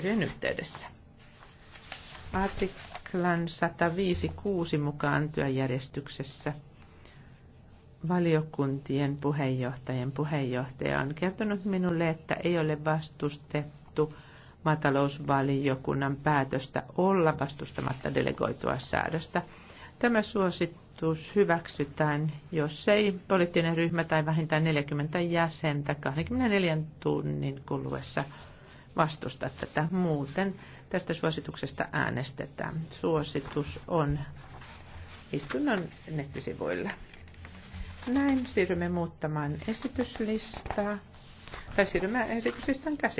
asiakirjojen yhteydessä. Artiklan 156 mukaan työjärjestyksessä valiokuntien puheenjohtajien puheenjohtaja on kertonut minulle, että ei ole vastustettu maatalousvaliokunnan päätöstä olla vastustamatta delegoitua säädöstä. Tämä suositus hyväksytään, jos ei poliittinen ryhmä tai vähintään 40 jäsentä 24 tunnin kuluessa vastusta tätä. Muuten tästä suosituksesta äänestetään. Suositus on istunnon nettisivuilla. Näin siirrymme muuttamaan esityslistaa, tai siirrymme esityslistan käsi.